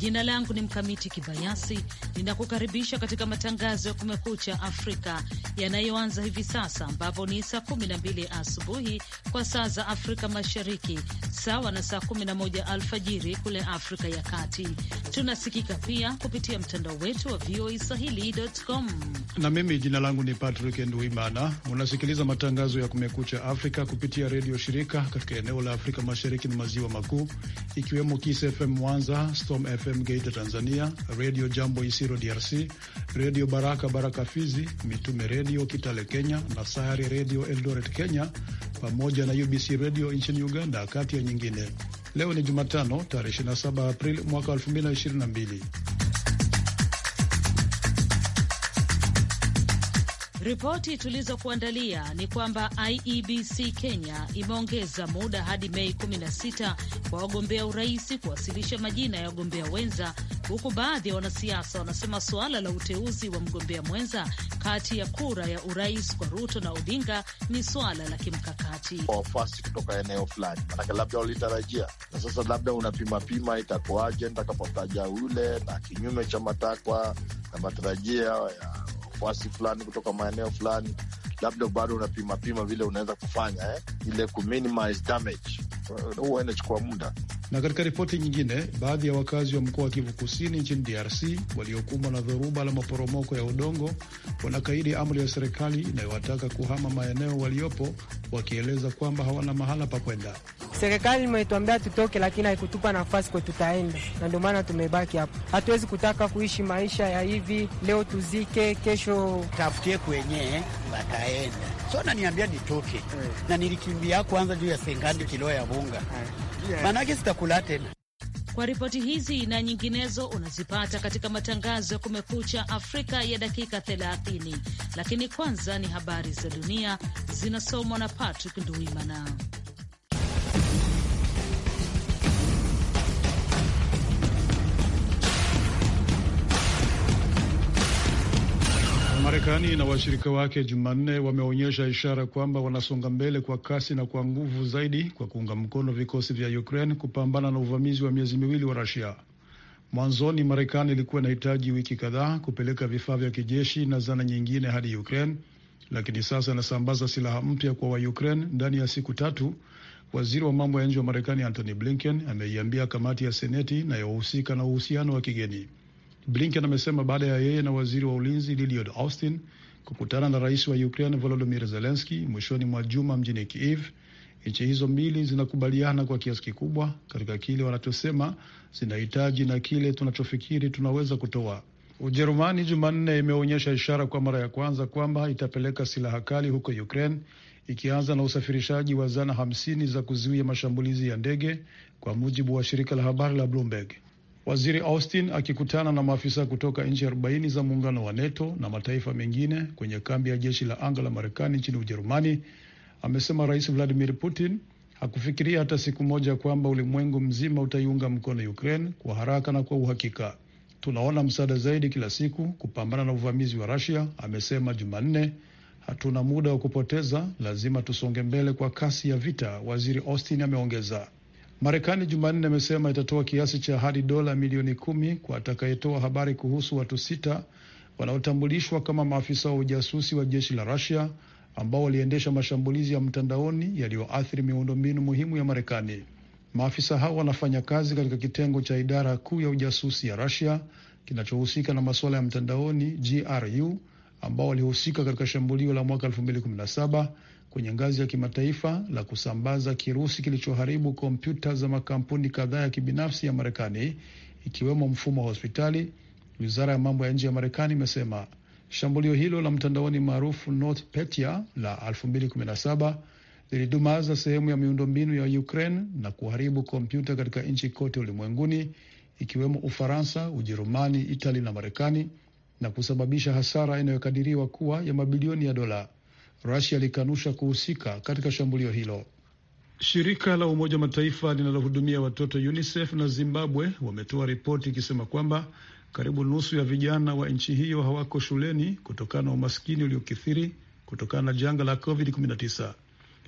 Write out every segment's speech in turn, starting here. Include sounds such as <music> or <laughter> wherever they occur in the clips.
Jina langu ni Mkamiti Kibayasi, ninakukaribisha katika matangazo ya Kumekucha Afrika yanayoanza hivi sasa, ambapo ni saa 12 asubuhi kwa saa za Afrika Mashariki sawa na saa 11 alfajiri kule Afrika ya Kati. Tunasikika pia kupitia mtandao wetu wa VOA Swahili.com, na mimi jina langu ni Patrick Nduimana. Unasikiliza matangazo ya Kumekucha Afrika kupitia redio shirika katika eneo la Afrika Mashariki na Maziwa Makuu, ikiwemo Kiss FM Mwanza, Storm FM Geita Tanzania, Redio Jambo Isiro DRC, Redio Baraka Baraka Fizi, Mitume Redio Kitale Kenya na Sayari Redio Eldoret Kenya, pamoja na UBC Redio nchini Uganda, kati ya nyingine. Leo ni Jumatano, tarehe 27 Aprili mwaka 2022. Ripoti tulizokuandalia ni kwamba IEBC Kenya imeongeza muda hadi Mei 16 kwa wagombea urais kuwasilisha majina ya wagombea wenza, huku baadhi ya wanasiasa wanasema suala la uteuzi wa mgombea mwenza kati ya kura ya urais kwa Ruto na Odinga ni suala la kimkakati kwa wafuasi kutoka eneo fulani, manake labda walitarajia, na sasa labda unapimapima itakuwaje ntakapotaja ule na kinyume cha matakwa na matarajia ya wafuasi fulani kutoka maeneo fulani, labda bado unapimapima vile unaweza kufanya eh, ile ku minimize damage, huwa inachukua muda. Na katika ripoti nyingine, baadhi ya wakazi wa mkoa wa Kivu Kusini nchini DRC waliokumbwa na dhoruba la maporomoko ya udongo wanakaidi amri ya serikali inayowataka kuhama maeneo waliopo, wakieleza kwamba hawana mahala pa kwenda. Serikali imetuambia tutoke, lakini haikutupa nafasi kwa tutaenda, na ndio maana tumebaki hapo Hatuwezi kutaka kuishi maisha ya hivi leo, tuzike kesho, tafutie kwenye wataenda so naniambia nitoke hey. Eh. na nilikimbia kwanza juu ya sengandi kilo ya bunga eh. yeah. maanake sitakula tena. Kwa ripoti hizi na nyinginezo unazipata katika matangazo ya Kumekucha Afrika ya dakika 30, lakini kwanza ni habari za dunia zinasomwa na Patrick Nduimana. Marekani na washirika wake Jumanne wameonyesha ishara kwamba wanasonga mbele kwa kasi na kwa nguvu zaidi kwa kuunga mkono vikosi vya Ukraine kupambana na uvamizi wa miezi miwili wa Rusia. Mwanzoni Marekani ilikuwa inahitaji wiki kadhaa kupeleka vifaa vya kijeshi na zana nyingine hadi Ukraine, lakini sasa inasambaza silaha mpya kwa Waukraine ndani ya siku tatu. Waziri wa mambo ya nje wa Marekani Antony Blinken ameiambia kamati ya Seneti inayohusika na uhusiano wa kigeni Blinken amesema baada ya yeye na waziri wa ulinzi Lloyd Austin kukutana na rais wa Ukraine Volodymyr Zelensky mwishoni mwa juma mjini Kiev, nchi hizo mbili zinakubaliana kwa kiasi kikubwa katika kile wanachosema zinahitaji na kile tunachofikiri tunaweza kutoa. Ujerumani Jumanne imeonyesha ishara kwa mara ya kwanza kwamba itapeleka silaha kali huko Ukraine, ikianza na usafirishaji wa zana hamsini za kuzuia mashambulizi ya ndege, kwa mujibu wa shirika la habari la Bloomberg. Waziri Austin akikutana na maafisa kutoka nchi arobaini za muungano wa NATO na mataifa mengine kwenye kambi ya jeshi la anga la Marekani nchini Ujerumani amesema Rais Vladimir Putin hakufikiria hata siku moja kwamba ulimwengu mzima utaiunga mkono Ukraine kwa haraka na kwa uhakika. Tunaona msaada zaidi kila siku kupambana na uvamizi wa Russia, amesema Jumanne. Hatuna muda wa kupoteza, lazima tusonge mbele kwa kasi ya vita, Waziri Austin ameongeza. Marekani Jumanne amesema itatoa kiasi cha hadi dola milioni kumi kwa atakayetoa habari kuhusu watu sita wanaotambulishwa kama maafisa wa ujasusi wa jeshi la Rusia ambao waliendesha mashambulizi ya mtandaoni yaliyoathiri miundombinu muhimu ya Marekani. Maafisa hao wanafanya kazi katika kitengo cha idara kuu ya ujasusi ya Rusia kinachohusika na masuala ya mtandaoni GRU, ambao walihusika katika shambulio la mwaka kwenye ngazi ya kimataifa la kusambaza kirusi kilichoharibu kompyuta za makampuni kadhaa ya kibinafsi ya Marekani, ikiwemo mfumo wa hospitali. Wizara ya mambo ya nje ya Marekani imesema shambulio hilo la mtandaoni maarufu NotPetya la 2017 lilidumaza sehemu ya miundombinu ya Ukraine na kuharibu kompyuta katika nchi kote ulimwenguni ikiwemo Ufaransa, Ujerumani, Itali na Marekani na kusababisha hasara inayokadiriwa kuwa ya mabilioni ya dola. Rasia ilikanusha kuhusika katika shambulio hilo. Shirika la Umoja wa Mataifa linalohudumia watoto UNICEF na Zimbabwe wametoa ripoti ikisema kwamba karibu nusu ya vijana wa nchi hiyo hawako shuleni kutokana na umaskini uliokithiri kutokana na janga la COVID-19.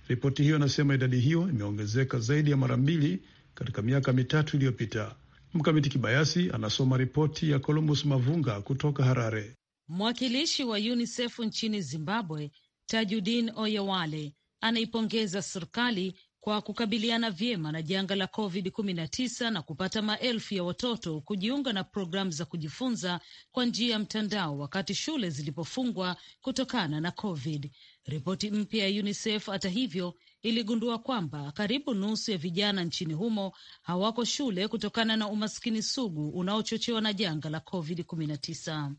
Ripoti hiyo inasema idadi hiyo imeongezeka zaidi ya mara mbili katika miaka mitatu iliyopita. Mkamiti Kibayasi anasoma ripoti ya Columbus Mavunga kutoka Harare. Mwakilishi wa UNICEF nchini Zimbabwe Tajudin Oyewale anaipongeza serikali kwa kukabiliana vyema na janga la COVID-19 na kupata maelfu ya watoto kujiunga na programu za kujifunza kwa njia ya mtandao wakati shule zilipofungwa kutokana na COVID. Ripoti mpya ya UNICEF hata hivyo iligundua kwamba karibu nusu ya vijana nchini humo hawako shule kutokana na umaskini sugu unaochochewa na janga la COVID-19.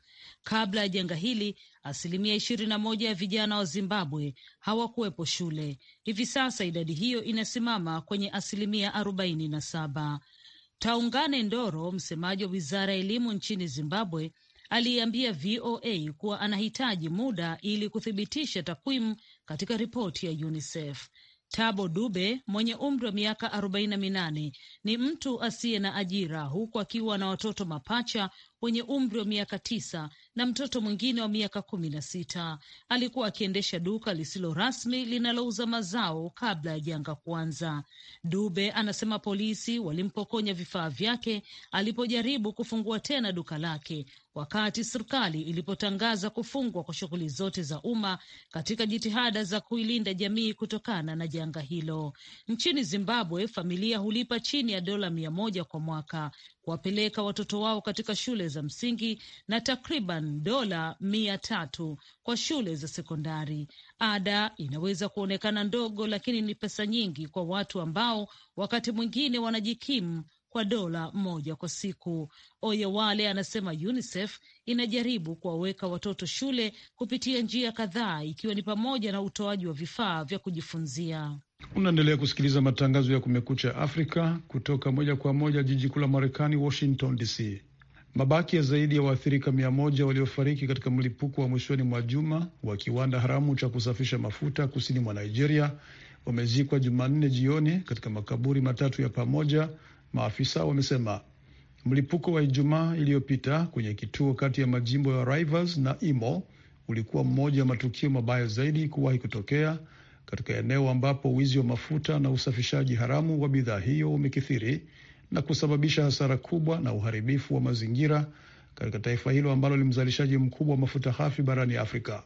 Kabla ya janga hili, asilimia ishirini na moja ya vijana wa Zimbabwe hawakuwepo shule. Hivi sasa idadi hiyo inasimama kwenye asilimia arobaini na saba. Taungane Ndoro, msemaji wa wizara ya elimu nchini Zimbabwe, aliambia VOA kuwa anahitaji muda ili kuthibitisha takwimu katika ripoti ya UNICEF. Tabo Dube mwenye umri wa miaka 48 ni mtu asiye na ajira huku akiwa na watoto mapacha wenye umri wa miaka tisa na mtoto mwingine wa miaka kumi na sita alikuwa akiendesha duka lisilo rasmi linalouza mazao kabla ya janga kuanza. Dube anasema polisi walimpokonya vifaa vyake alipojaribu kufungua tena duka lake wakati serikali ilipotangaza kufungwa kwa shughuli zote za umma katika jitihada za kuilinda jamii kutokana na janga hilo. Nchini Zimbabwe, familia hulipa chini ya dola mia moja kwa mwaka kuwapeleka watoto wao katika shule za msingi na takriban dola mia tatu kwa shule za sekondari. Ada inaweza kuonekana ndogo, lakini ni pesa nyingi kwa watu ambao wakati mwingine wanajikimu kwa dola moja kwa siku. Oyewale anasema UNICEF inajaribu kuwaweka watoto shule kupitia njia kadhaa, ikiwa ni pamoja na utoaji wa vifaa vya kujifunzia. Unaendelea kusikiliza matangazo ya Kumekucha Afrika kutoka moja kwa moja jiji kuu la Marekani, Washington DC. Mabaki ya zaidi ya waathirika mia moja waliofariki katika mlipuko wa mwishoni mwa juma wa kiwanda haramu cha kusafisha mafuta kusini mwa Nigeria wamezikwa Jumanne jioni katika makaburi matatu ya pamoja, maafisa wamesema. Mlipuko wa Ijumaa iliyopita kwenye kituo kati ya majimbo ya Rivers na Imo ulikuwa mmoja wa matukio mabaya zaidi kuwahi kutokea katika eneo ambapo wizi wa mafuta na usafishaji haramu wa bidhaa hiyo umekithiri na kusababisha hasara kubwa na uharibifu wa mazingira katika taifa hilo ambalo ni mzalishaji mkubwa wa mafuta hafi barani Afrika.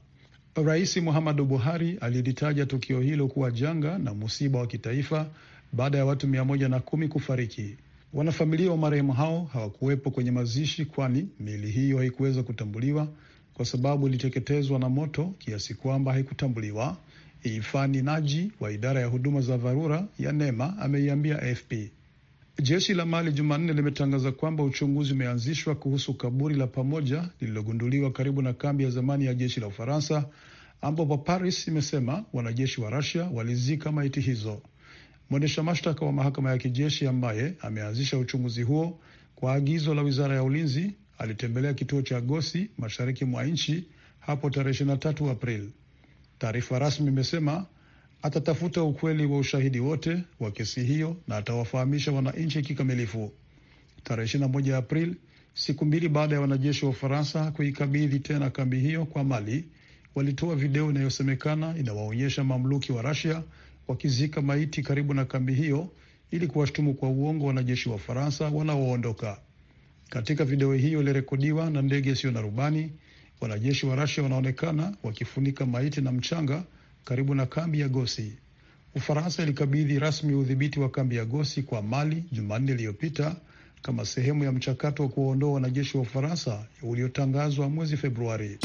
Rais Muhammadu Buhari alilitaja tukio hilo kuwa janga na musiba wa kitaifa baada ya watu mia moja na kumi kufariki. Wanafamilia wa marehemu hao hawakuwepo kwenye mazishi, kwani miili hiyo haikuweza kutambuliwa kwa sababu iliteketezwa na moto kiasi kwamba haikutambuliwa, Ifani Naji wa idara ya huduma za dharura ya NEMA ameiambia AFP. Jeshi la Mali Jumanne limetangaza kwamba uchunguzi umeanzishwa kuhusu kaburi la pamoja lililogunduliwa karibu na kambi ya zamani ya jeshi la Ufaransa, ambapo Paris imesema wanajeshi wa Rasia walizika maiti hizo. Mwendesha mashtaka wa mahakama ya kijeshi ambaye ameanzisha uchunguzi huo kwa agizo la wizara ya ulinzi alitembelea kituo cha Gosi mashariki mwa nchi hapo tarehe 23 Aprili. Taarifa rasmi imesema atatafuta ukweli wa ushahidi wote wa kesi hiyo na atawafahamisha wananchi kikamilifu. Tarehe 21 Aprili, siku mbili baada ya wanajeshi wa Ufaransa kuikabidhi tena kambi hiyo kwa Mali, walitoa video inayosemekana inawaonyesha mamluki wa Rasia wakizika maiti karibu na kambi hiyo ili kuwashtumu kwa uongo wanajeshi wa Ufaransa wanaoondoka. Katika video hiyo ilirekodiwa na ndege isiyo na rubani Wanajeshi wa Rasia wanaonekana wakifunika maiti na mchanga karibu na kambi ya Gosi. Ufaransa ilikabidhi rasmi udhibiti wa kambi ya Gosi kwa Mali Jumanne iliyopita kama sehemu ya mchakato wa kuwaondoa wanajeshi wa Ufaransa uliotangazwa mwezi Februari.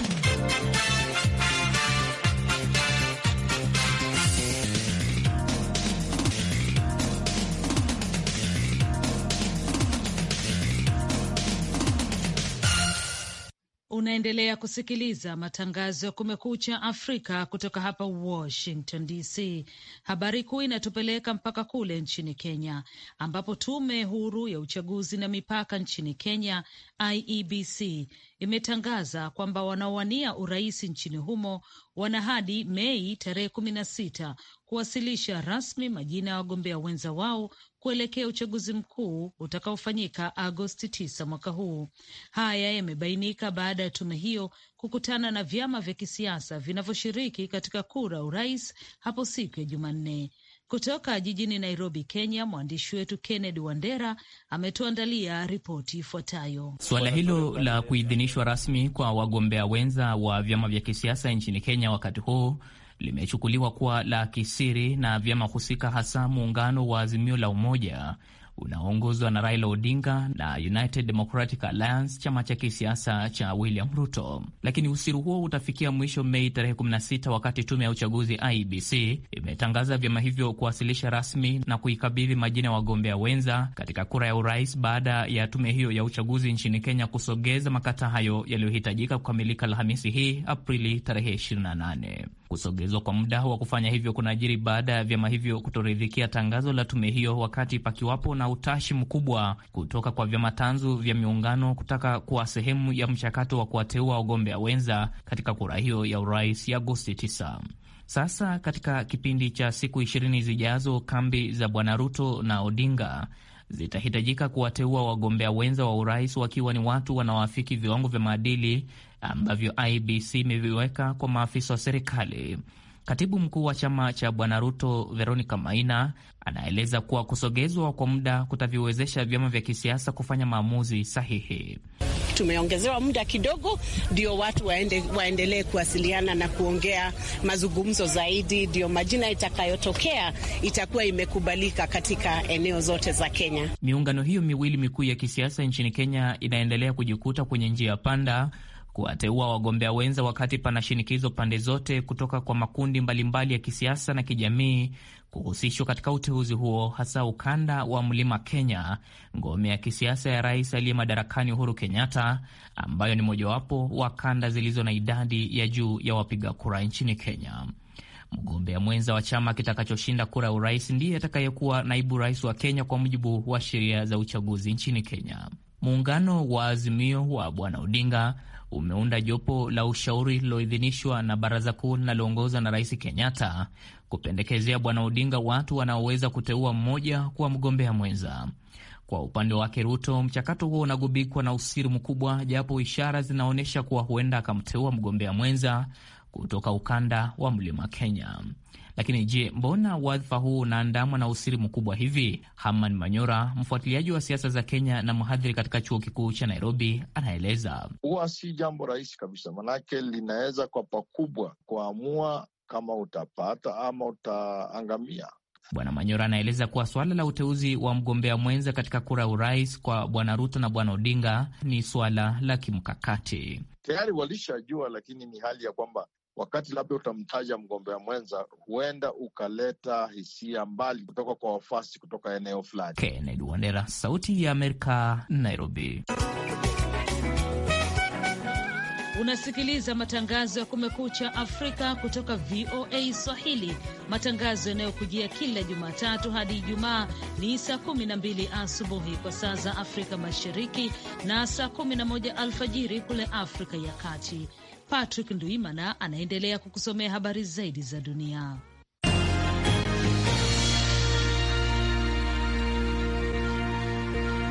Unaendelea kusikiliza matangazo ya Kumekucha Afrika kutoka hapa Washington DC. Habari kuu inatupeleka mpaka kule nchini Kenya, ambapo tume huru ya uchaguzi na mipaka nchini Kenya, IEBC, imetangaza kwamba wanaowania urais nchini humo wana hadi Mei tarehe kumi na sita kuwasilisha rasmi majina ya wagombea wenza wao kuelekea uchaguzi mkuu utakaofanyika Agosti 9 mwaka huu. Haya yamebainika baada ya tume hiyo kukutana na vyama vya kisiasa vinavyoshiriki katika kura urais hapo siku ya Jumanne. Kutoka jijini Nairobi, Kenya, mwandishi wetu Kennedy Wandera ametuandalia ripoti ifuatayo. Suala hilo la kuidhinishwa rasmi kwa wagombea wenza wa vyama vya kisiasa nchini Kenya wakati huu limechukuliwa kuwa la kisiri na vyama husika, hasa muungano wa Azimio la Umoja unaoongozwa na Raila Odinga na United Democratic Alliance, chama cha kisiasa cha William Ruto. Lakini usiri huo utafikia mwisho Mei tarehe 16 wakati tume ya uchaguzi IBC e imetangaza vyama hivyo kuwasilisha rasmi na kuikabidhi majina ya wagombea wenza katika kura ya urais, baada ya tume hiyo ya uchaguzi nchini Kenya kusogeza makata hayo yaliyohitajika kukamilika Alhamisi hii Aprili tarehe 28. Kusogezwa kwa muda wa kufanya hivyo ajiri baada ya vyama hivyo kutoridhikia tangazo la tume hiyo, wakati pakiwapo na utashi mkubwa kutoka kwa vyama tanzu vya miungano kutaka kuwa sehemu ya mchakato wa kuwateua wagombea wenza katika kura hiyo ya urais ya Agosti 9. Sasa katika kipindi cha siku ishirini zijazo, kambi za Bwana Ruto na Odinga zitahitajika kuwateua wagombea wenza wa urais wakiwa ni watu wanaoafiki viwango vya maadili ambavyo IBC imeviweka kwa maafisa wa serikali. Katibu mkuu wa chama cha Bwana Ruto Veronica Maina anaeleza kuwa kusogezwa kwa muda kutaviwezesha vyama vya kisiasa kufanya maamuzi sahihi. Tumeongezewa muda kidogo, ndio watu waende, waendelee kuwasiliana na kuongea mazungumzo zaidi, ndio majina itakayotokea itakuwa imekubalika katika eneo zote za Kenya. Miungano hiyo miwili mikuu ya kisiasa nchini Kenya inaendelea kujikuta kwenye njia panda kuwateua wagombea wenza wakati pana shinikizo pande zote kutoka kwa makundi mbalimbali ya kisiasa na kijamii kuhusishwa katika uteuzi huo, hasa ukanda wa mlima Kenya, ngome ya kisiasa ya rais aliye madarakani Uhuru Kenyatta, ambayo ni mojawapo wa kanda zilizo na idadi ya juu ya wapiga kura nchini Kenya. Mgombea mwenza wa chama kitakachoshinda kura ya urais ndiye atakayekuwa naibu rais wa Kenya kwa mujibu wa sheria za uchaguzi nchini Kenya. Muungano wa Azimio wa Bwana Odinga umeunda jopo la ushauri lililoidhinishwa na baraza kuu linaloongozwa na Rais Kenyatta kupendekezea Bwana Odinga watu wanaoweza kuteua mmoja kuwa mgombea mwenza. Kwa upande wake Ruto, mchakato huo unagubikwa na usiri mkubwa, japo ishara zinaonyesha kuwa huenda akamteua mgombea mwenza kutoka ukanda wa mlima Kenya. Lakini je, mbona wadhifa huu unaandamwa na usiri mkubwa hivi? Haman Manyora, mfuatiliaji wa siasa za Kenya na mhadhiri katika chuo kikuu cha Nairobi, anaeleza. Huwa si jambo rahisi kabisa, manake linaweza kwa pakubwa kuamua kama utapata ama utaangamia. Bwana Manyora anaeleza kuwa suala la uteuzi wa mgombea mwenza katika kura ya urais kwa Bwana Ruto na Bwana Odinga ni suala la kimkakati. Tayari walishajua, lakini ni hali ya kwamba wakati labda utamtaja mgombea mwenza, huenda ukaleta hisia mbali kutoka kwa wafasi kutoka eneo fulani. Kennedy Wandera, Sauti ya Amerika, Nairobi. Unasikiliza matangazo ya Kumekucha Afrika kutoka VOA Swahili. Matangazo yanayokujia kila Jumatatu hadi Ijumaa ni saa 12 asubuhi kwa saa za Afrika Mashariki na saa 11 alfajiri kule Afrika ya Kati. Patrick Nduimana anaendelea kukusomea habari zaidi za dunia.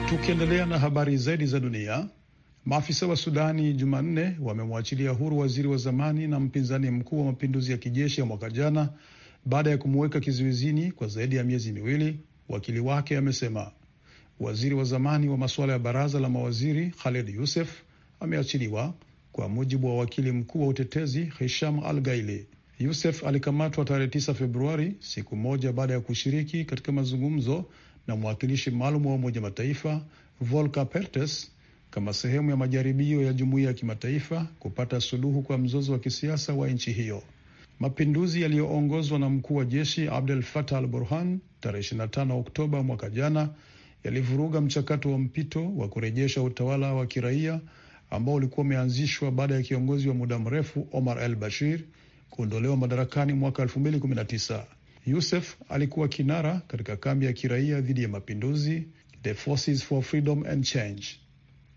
Tukiendelea na habari zaidi za dunia, maafisa wa Sudani Jumanne wamemwachilia huru waziri wa zamani na mpinzani mkuu wa mapinduzi ya kijeshi ya mwaka jana baada ya kumuweka kizuizini kwa zaidi ya miezi miwili, wakili wake amesema. Waziri wa zamani wa masuala ya baraza la mawaziri Khaled Yusef ameachiliwa kwa mujibu wa wakili mkuu wa utetezi Hisham Al Gaili. Yusef alikamatwa tarehe 9 Februari, siku moja baada ya kushiriki katika mazungumzo na mwakilishi maalum wa Umoja Mataifa Volker Pertes kama sehemu ya majaribio ya jumuiya ya kimataifa kupata suluhu kwa mzozo wa kisiasa wa nchi hiyo. Mapinduzi yaliyoongozwa na mkuu wa jeshi Abdel Fattah Al Burhan tarehe 25 Oktoba mwaka jana yalivuruga mchakato wa mpito wa kurejesha utawala wa kiraia ambao ulikuwa umeanzishwa baada ya kiongozi wa muda mrefu Omar al Bashir kuondolewa madarakani mwaka 2019. Yusef alikuwa kinara katika kambi ya kiraia dhidi ya mapinduzi The Forces for Freedom and Change.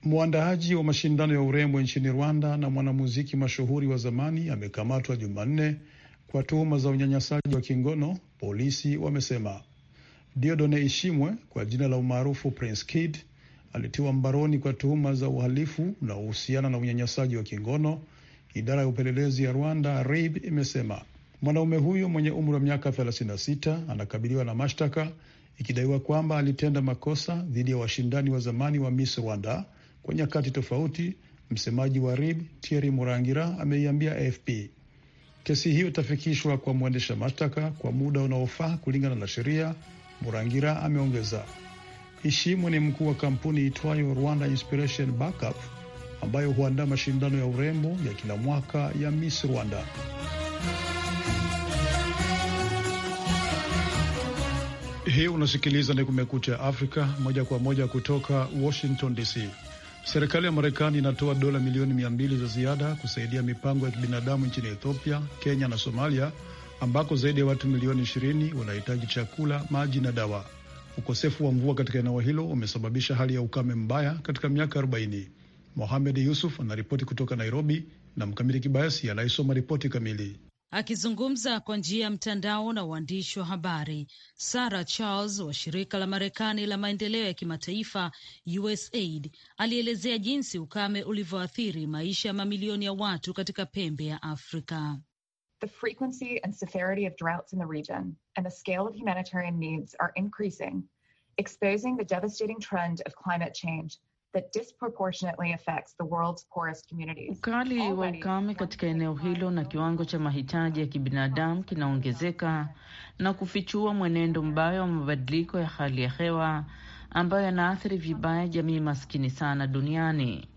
Mwandaaji wa mashindano ya urembo nchini Rwanda na mwanamuziki mashuhuri wa zamani amekamatwa Jumanne kwa tuhuma za unyanyasaji wa kingono, polisi wamesema. Diodone Ishimwe, kwa jina la umaarufu Prince Kid, alitiwa mbaroni kwa tuhuma za uhalifu unaohusiana na unyanyasaji wa kingono. Idara ya upelelezi ya Rwanda RIB imesema mwanaume huyo mwenye umri wa miaka 36 anakabiliwa na mashtaka ikidaiwa kwamba alitenda makosa dhidi ya washindani wa zamani wa Miss Rwanda kwa nyakati tofauti. Msemaji wa RIB Thierry Murangira ameiambia AFP kesi hiyo itafikishwa kwa mwendesha mashtaka kwa muda unaofaa kulingana na sheria. Murangira ameongeza Hishimu ni mkuu wa kampuni itwayo Rwanda Inspiration Backup ambayo huandaa mashindano ya urembo ya kila mwaka ya Miss Rwanda. Hii unasikiliza ni Kumekucha Afrika moja kwa moja kutoka Washington DC. Serikali ya Marekani inatoa dola milioni mia mbili za ziada kusaidia mipango ya kibinadamu nchini Ethiopia, Kenya na Somalia ambako zaidi ya watu milioni 20 wanahitaji chakula, maji na dawa. Ukosefu wa mvua katika eneo hilo umesababisha hali ya ukame mbaya katika miaka 40. Mohamed Yusuf anaripoti kutoka Nairobi na Mkamiti Kibayasi anayesoma ripoti kamili. Akizungumza kwa njia ya mtandao na waandishi wa habari, Sarah Charles wa shirika la Marekani la maendeleo ya kimataifa USAID alielezea jinsi ukame ulivyoathiri maisha ya mamilioni ya watu katika pembe ya Afrika. The frequency and severity of droughts in the region and the scale of humanitarian needs are increasing, exposing the devastating trend of climate change that disproportionately affects the world's poorest communities. Ukali wa ukame katika eneo hilo na kiwango cha mahitaji ya kibinadamu kinaongezeka na kufichua mwenendo mbaya wa mabadiliko ya hali ya hewa ambayo yanaathiri vibaya jamii maskini sana duniani.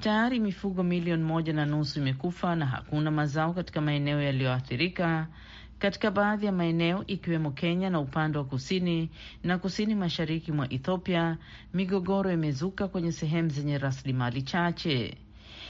Tayari mifugo milioni moja na nusu imekufa na hakuna mazao katika maeneo yaliyoathirika katika baadhi ya maeneo ikiwemo Kenya na upande wa kusini na kusini mashariki mwa Ethiopia, migogoro imezuka kwenye sehemu zenye rasilimali chache.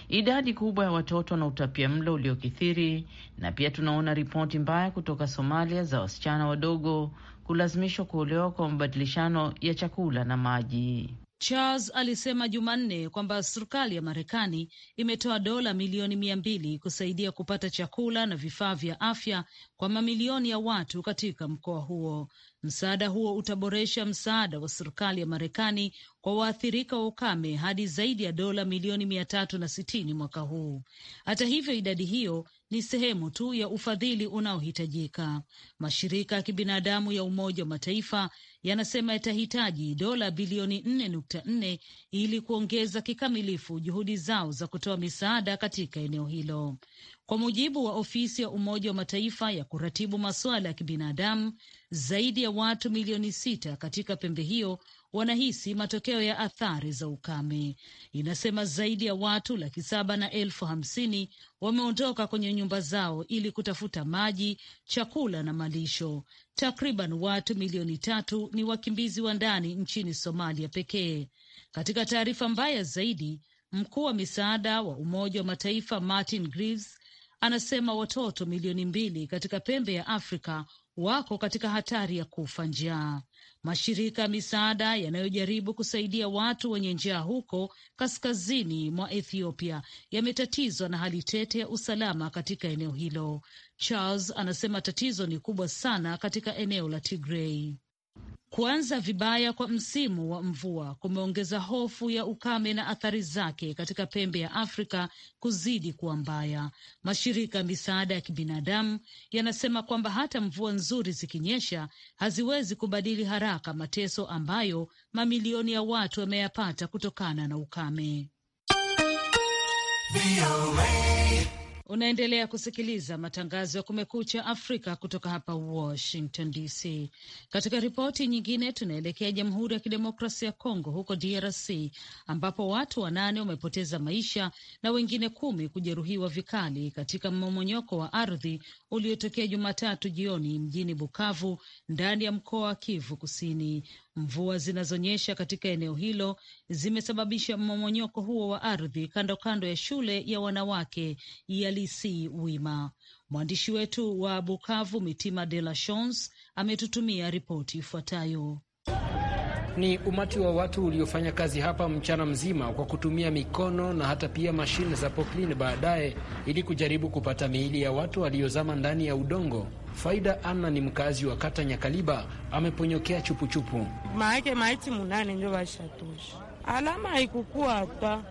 Idadi kubwa ya watoto na utapia mlo uliokithiri, na pia tunaona ripoti mbaya kutoka Somalia za wasichana wadogo kulazimishwa kuolewa kwa mabadilishano ya chakula na maji. Charles alisema Jumanne kwamba serikali ya Marekani imetoa dola milioni mia mbili kusaidia kupata chakula na vifaa vya afya kwa mamilioni ya watu katika mkoa huo. Msaada huo utaboresha msaada wa serikali ya Marekani kwa waathirika wa ukame hadi zaidi ya dola milioni mia tatu na sitini mwaka huu. Hata hivyo, idadi hiyo ni sehemu tu ya ufadhili unaohitajika. Mashirika ya kibinadamu ya Umoja wa Mataifa yanasema yatahitaji dola bilioni 4.4 ili kuongeza kikamilifu juhudi zao za kutoa misaada katika eneo hilo. Kwa mujibu wa ofisi ya Umoja wa Mataifa ya kuratibu masuala ya kibinadamu, zaidi ya watu milioni sita katika pembe hiyo wanahisi matokeo ya athari za ukame. Inasema zaidi ya watu laki saba na elfu hamsini wameondoka kwenye nyumba zao ili kutafuta maji, chakula na malisho. Takriban watu milioni tatu ni wakimbizi wa ndani nchini Somalia pekee. Katika taarifa mbaya zaidi, mkuu wa misaada wa Umoja wa Mataifa Martin Griffiths anasema watoto milioni mbili katika pembe ya Afrika wako katika hatari ya kufa njaa mashirika ya misaada yanayojaribu kusaidia watu wenye njaa huko kaskazini mwa Ethiopia yametatizwa na hali tete ya usalama katika eneo hilo. Charles anasema tatizo ni kubwa sana katika eneo la Tigrei. Kuanza vibaya kwa msimu wa mvua kumeongeza hofu ya ukame na athari zake katika pembe ya Afrika kuzidi kuwa mbaya. Mashirika ya misaada ya kibinadamu yanasema kwamba hata mvua nzuri zikinyesha haziwezi kubadili haraka mateso ambayo mamilioni ya watu wameyapata kutokana na ukame. Unaendelea kusikiliza matangazo ya Kumekucha Afrika kutoka hapa Washington DC. Katika ripoti nyingine, tunaelekea Jamhuri ya Kidemokrasia ya Kongo, huko DRC, ambapo watu wanane wamepoteza maisha na wengine kumi kujeruhiwa vikali katika mmomonyoko wa ardhi uliotokea Jumatatu jioni mjini Bukavu, ndani ya mkoa wa Kivu Kusini. Mvua zinazonyesha katika eneo hilo zimesababisha mmomonyoko huo wa ardhi kando kando ya shule ya wanawake ya Lisi Wima. Mwandishi wetu wa Bukavu, Mitima De La Chance, ametutumia ripoti ifuatayo. Ni umati wa watu uliofanya kazi hapa mchana mzima kwa kutumia mikono na hata pia mashine za poklin baadaye, ili kujaribu kupata miili ya watu waliozama ndani ya udongo. Faida Anna ni mkazi wa kata Nyakaliba, ameponyokea chupuchupu. maake maiti munane njo vashatusha alama haikukua hapa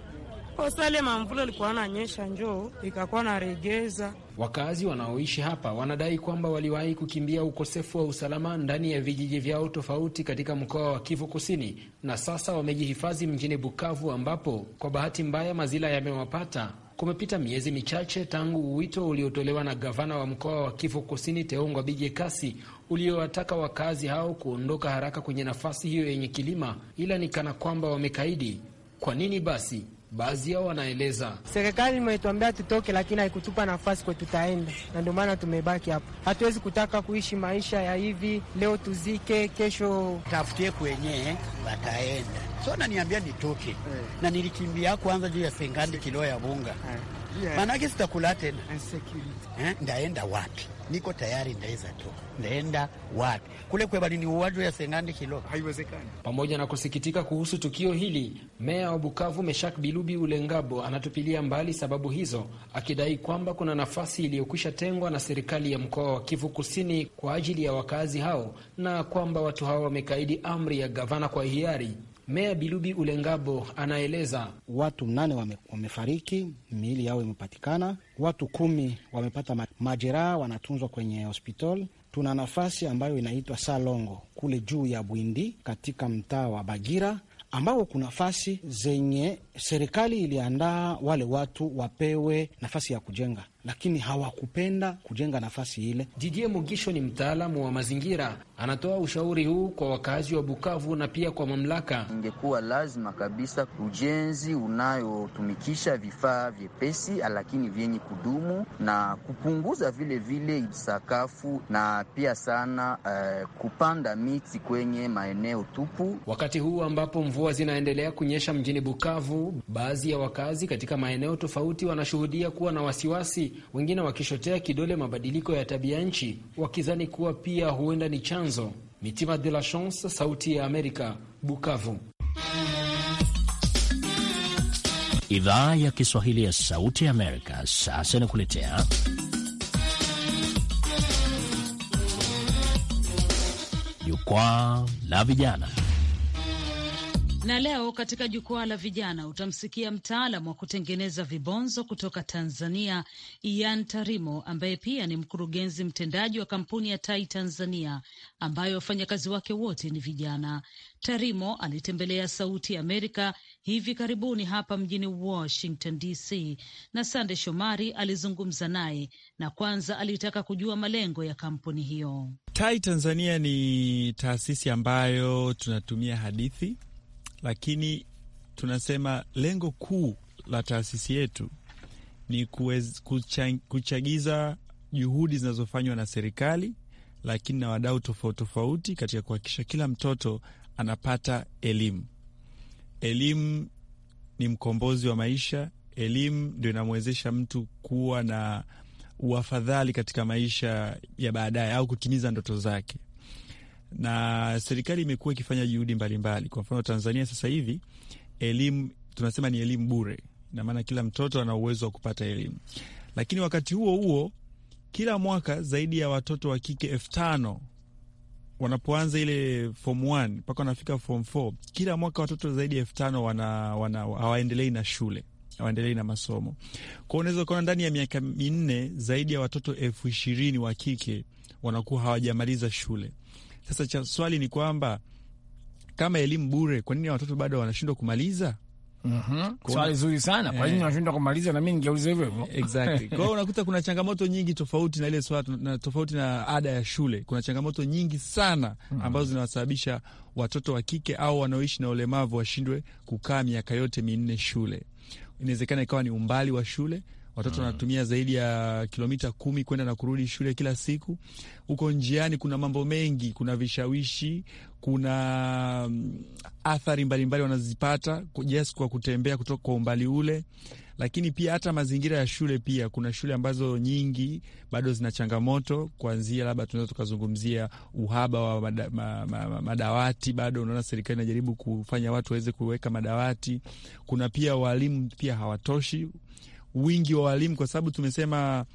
kosale mamvula likuwa nanyesha njo ikakuwa naregeza Wakazi wanaoishi hapa wanadai kwamba waliwahi kukimbia ukosefu wa usalama ndani ya vijiji vyao tofauti katika mkoa wa Kivu Kusini, na sasa wamejihifadhi mjini Bukavu, ambapo kwa bahati mbaya mazila yamewapata. Kumepita miezi michache tangu wito uliotolewa na gavana wa mkoa wa Kivu Kusini Teongwa Bije Kasi uliowataka wakazi hao kuondoka haraka kwenye nafasi hiyo yenye kilima, ila ni kana kwamba wamekaidi. Kwa nini basi? Baadhi yao wanaeleza serikali imetuambia tutoke, lakini haikutupa nafasi kwe, tutaenda na ndio maana tumebaki hapa. Hatuwezi kutaka kuishi maisha ya hivi, leo tuzike, kesho tafutie kwenyee wataenda. So naniambia nitoke, hey. Eh. na nilikimbia kwanza juu ya sengandi kilo ya bunga hey. Eh yeah. Maanake sitakula tena eh, ndaenda wapi? Niko tayari, ndaweza toka, ndaenda wapi? Kule kwebaliniuwaju ya sengandi kilo haiwezekani. Pamoja na kusikitika kuhusu tukio hili, meya wa Bukavu Meshak Bilubi Ulengabo anatupilia mbali sababu hizo, akidai kwamba kuna nafasi iliyokwisha tengwa na serikali ya mkoa wa Kivu Kusini kwa ajili ya wakazi hao na kwamba watu hao wamekaidi amri ya gavana kwa hiari Meya Bilubi Ulengabo anaeleza watu mnane wame, wamefariki, miili yao imepatikana. Watu kumi wamepata majeraha, wanatunzwa kwenye hospital Tuna nafasi ambayo inaitwa Salongo kule juu ya Bwindi katika mtaa wa Bagira ambao kuna nafasi zenye serikali iliandaa wale watu wapewe nafasi ya kujenga lakini hawakupenda kujenga nafasi ile. Didie Mugisho ni mtaalamu wa mazingira, anatoa ushauri huu kwa wakazi wa Bukavu na pia kwa mamlaka. Ingekuwa lazima kabisa ujenzi unayotumikisha vifaa vyepesi lakini vyenye kudumu na kupunguza vile vile sakafu na pia sana uh, kupanda miti kwenye maeneo tupu. Wakati huu ambapo mvua zinaendelea kunyesha mjini Bukavu, baadhi ya wakazi katika maeneo tofauti wanashuhudia kuwa na wasiwasi wengine wakishotea kidole mabadiliko ya tabia nchi, wakizani kuwa pia huenda ni chanzo. Mitima de la Chance, Sauti ya Amerika, Bukavu. Idhaa ya Kiswahili ya Sauti ya Amerika sasa inakuletea jukwaa la vijana na leo katika jukwaa la vijana utamsikia mtaalam wa kutengeneza vibonzo kutoka Tanzania, Ian Tarimo, ambaye pia ni mkurugenzi mtendaji wa kampuni ya Tai Tanzania ambayo wafanyakazi wake wote ni vijana. Tarimo alitembelea Sauti ya Amerika hivi karibuni hapa mjini Washington DC, na Sande Shomari alizungumza naye, na kwanza alitaka kujua malengo ya kampuni hiyo. Tai Tanzania ni taasisi ambayo tunatumia hadithi lakini tunasema lengo kuu la taasisi yetu ni kuwez, kuchagiza juhudi zinazofanywa na serikali lakini na wadau tofauti tofauti katika kuhakikisha kila mtoto anapata elimu. Elimu ni mkombozi wa maisha. Elimu ndio inamwezesha mtu kuwa na uafadhali katika maisha ya baadaye au kutimiza ndoto zake na serikali imekuwa ikifanya juhudi mbalimbali. Kwa mfano, Tanzania sasa hivi elimu tunasema ni elimu bure, ina maana kila mtoto ana uwezo wa kupata elimu, lakini wakati huo huo kila mwaka zaidi ya watoto wa kike elfu tano wanapoanza ile form 1 mpaka wanafika form 4, kila mwaka watoto zaidi ya elfu tano hawaendelei na shule hawaendelei na masomo. Kwao unaweza ukaona ndani ya miaka minne zaidi ya watoto elfu ishirini wa kike wanakuwa hawajamaliza shule. Sasa cha swali ni kwamba kama elimu bure, kwa nini watoto bado wanashindwa kumaliza? Mm -hmm. Swali zuri sana. Kwa nini unashindwa eh. kumaliza? Na mimi ningeuliza hivyo hivyo. Exactly. <laughs> Kwa hiyo unakuta kuna changamoto nyingi tofauti na ile swali na tofauti na ada ya shule. Kuna changamoto nyingi sana mhm. ambazo zinawasababisha watoto wa kike au wanaoishi na ulemavu washindwe kukaa miaka yote minne shule. Inawezekana ikawa ni umbali wa shule, watoto mm. wanatumia zaidi ya kilomita kumi kwenda na kurudi shule kila siku. Huko njiani kuna mambo mengi, kuna vishawishi, kuna mm, athari mbalimbali wanazipata yes, kwa kutembea kutoka kwa umbali ule, lakini pia hata mazingira ya shule. Pia kuna shule ambazo nyingi bado zina changamoto, kuanzia labda tunaweza tukazungumzia uhaba wa mada, ma, ma, ma, madawati. Bado unaona serikali inajaribu kufanya watu waweze kuweka madawati. Kuna pia walimu pia hawatoshi wingi wa walimu, kwa sababu tumesema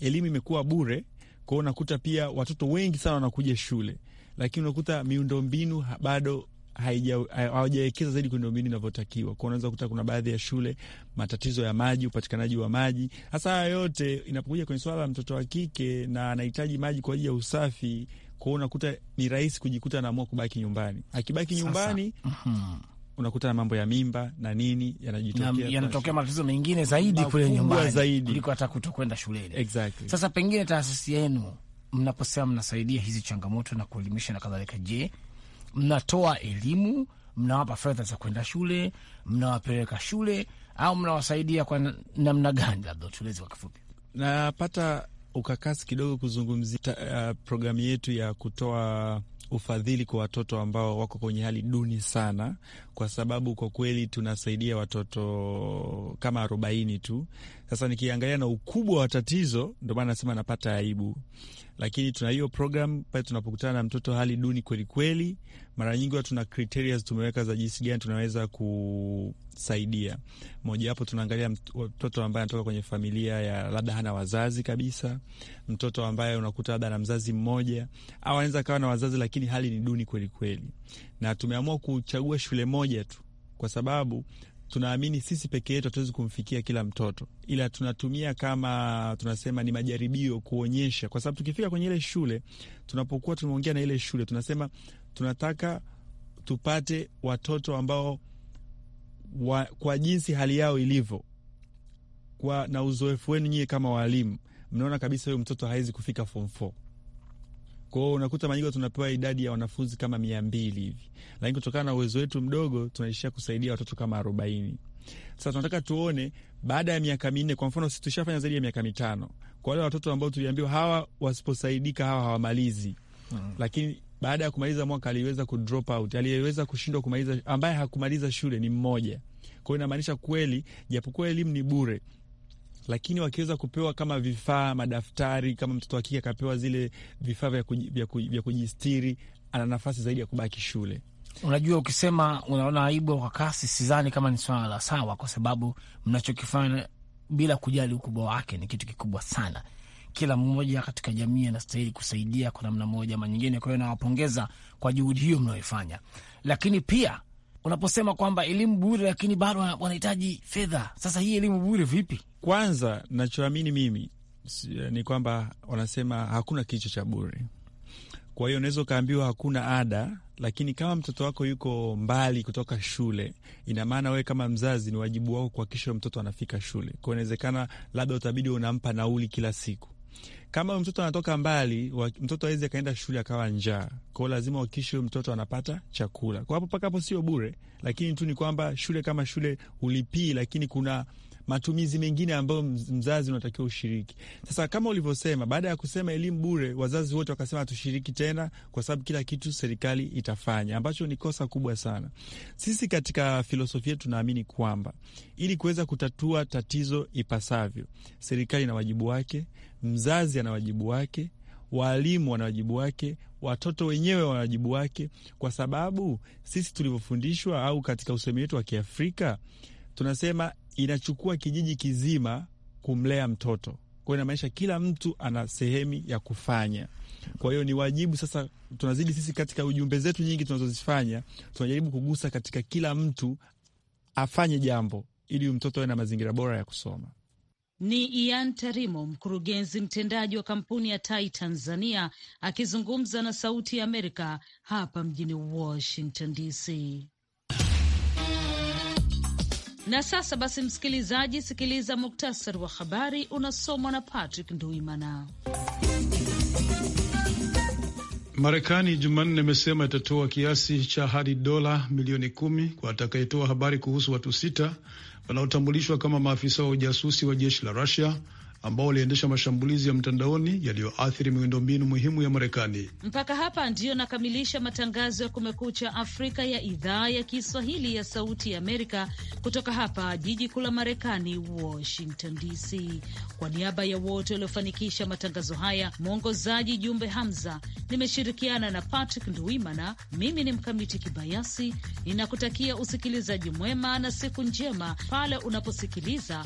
elimu imekuwa bure kwao. Unakuta pia watoto wengi sana wanakuja shule, lakini unakuta miundombinu bado hawajawekeza zaidi kwenye miundombinu inavyotakiwa. Kwa unaweza kuta kuna baadhi ya shule matatizo ya maji, upatikanaji wa maji. Hasa haya yote inapokuja kwenye swala la mtoto wa kike na anahitaji maji kwa ajili ya usafi, kwao unakuta ni rahisi kujikuta anaamua kubaki nyumbani. Akibaki nyumbani Sasa. Mhm unakuta na mambo ya mimba na nini yanajitokea, yanatokea matatizo mengine zaidi kule nyumbani kuliko hata kutokwenda shuleni. Exactly. Sasa pengine taasisi yenu mnaposema mnasaidia hizi changamoto na kuelimisha na kadhalika, je, mnatoa elimu? Mnawapa fedha za kwenda shule? Mnawapeleka shule au mnawasaidia kwa namna gani? Labda tueleze kwa kifupi. Napata ukakasi kidogo kuzungumzia uh, programu yetu ya kutoa ufadhili kwa watoto ambao wako kwenye hali duni sana, kwa sababu kwa kweli tunasaidia watoto kama arobaini tu sasa nikiangalia na ukubwa wa tatizo, ndio maana nasema napata aibu, lakini tuna hiyo program pale tunapokutana na mtoto hali duni kwelikweli, mara nyingi huwa tuna criteria tumeweka za jinsi gani tunaweza kusaidia. Mojawapo tunaangalia mtoto ambaye anatoka kwenye familia ya labda hana wazazi kabisa, mtoto ambaye unakuta labda na mzazi mmoja au anaweza kawa na wazazi lakini hali ni duni kwelikweli, na tumeamua kuchagua shule moja tu kwa sababu tunaamini sisi peke yetu hatuwezi kumfikia kila mtoto, ila tunatumia kama tunasema ni majaribio kuonyesha, kwa sababu tukifika kwenye ile shule, tunapokuwa tumeongea na ile shule, tunasema tunataka tupate watoto ambao wa, kwa jinsi hali yao ilivyo kwa na uzoefu wenu nyie kama waalimu, mnaona kabisa huyo mtoto hawezi kufika form four kwao unakuta Majigo tunapewa idadi ya wanafunzi kama mia mbili hivi, lakini kutokana na uwezo wetu mdogo tunaishia kusaidia watoto kama arobaini. Sasa tunataka tuone baada ya miaka minne, kwa mfano sisi tushafanya zaidi ya miaka mitano kwa wale watoto ambao tuliambiwa hawa wasiposaidika hawa hawamalizi hmm. Lakini baada ya kumaliza mwaka aliweza ku drop out, aliyeweza kushindwa kumaliza, ambaye hakumaliza shule ni mmoja. Kwa hiyo inamaanisha kweli, japokuwa elimu ni bure, lakini wakiweza kupewa kama vifaa, madaftari, kama mtoto wa kike akapewa zile vifaa vya kujistiri, ana nafasi zaidi ya kubaki shule. Unajua, ukisema unaona aibu kwa kasi, sidhani kama ni swala la sawa, kwa sababu mnachokifanya bila kujali ukubwa wake ni kitu kikubwa sana. Kila mmoja katika jamii anastahili kusaidia kwa namna moja ama nyingine. Kwa hiyo nawapongeza kwa juhudi hiyo mnayoifanya, lakini pia unaposema kwamba elimu bure, lakini bado wanahitaji fedha. Sasa hii elimu bure vipi? Kwanza nachoamini mimi eh, ni kwamba wanasema hakuna kicho cha bure. Kwa hiyo unaweza ukaambiwa hakuna ada, lakini kama mtoto wako yuko mbali kutoka shule, ina maana wewe kama mzazi ni wajibu wako kuhakikisha mtoto anafika shule. Kwa inawezekana labda utabidi unampa nauli kila siku kama mtoto anatoka mbali, mtoto awezi akaenda shule akawa njaa kwao, lazima uhakikishe mtoto anapata chakula. Kwa hapo mpaka hapo sio bure, lakini tu ni kwamba shule kama shule hulipii, lakini kuna matumizi mengine ambayo mzazi unatakiwa ushiriki. Sasa kama ulivyosema, baada ya kusema elimu bure, wazazi wote wakasema hatushiriki tena, kwa sababu kila kitu serikali itafanya, ambacho ni kosa kubwa sana. Sisi katika filosofia tunaamini kwamba ili kuweza kutatua tatizo ipasavyo, serikali ina wajibu wake, mzazi ana wajibu wake, waalimu wana wajibu wake watoto wenyewe wana wajibu wake, kwa sababu sisi tulivyofundishwa au katika usemi wetu wa Kiafrika tunasema inachukua kijiji kizima kumlea mtoto. Kwa hiyo inamaanisha kila mtu ana sehemu ya kufanya. Kwa hiyo ni wajibu sasa, tunazidi sisi katika ujumbe zetu nyingi tunazozifanya, tunajaribu kugusa katika kila mtu afanye jambo ili mtoto awe na mazingira bora ya kusoma. Ni Ian Tarimo, mkurugenzi mtendaji wa kampuni ya Tai Tanzania, akizungumza na Sauti ya Amerika hapa mjini Washington DC. Na sasa basi, msikilizaji, sikiliza muktasari wa habari unasomwa na Patrick Nduimana. Marekani Jumanne imesema itatoa kiasi cha hadi dola milioni kumi kwa atakayetoa habari kuhusu watu sita wanaotambulishwa kama maafisa wa ujasusi wa jeshi la Rusia ambao waliendesha mashambulizi ya mtandaoni yaliyoathiri miundombinu muhimu ya Marekani. Mpaka hapa ndiyo nakamilisha matangazo ya Kumekucha Afrika ya idhaa ya Kiswahili ya Sauti ya Amerika kutoka hapa jiji kuu la Marekani, Washington DC. Kwa niaba ya wote waliofanikisha matangazo haya, mwongozaji Jumbe Hamza, nimeshirikiana na Patrick nduimana Mimi ni Mkamiti Kibayasi, ninakutakia usikilizaji mwema na siku njema pale unaposikiliza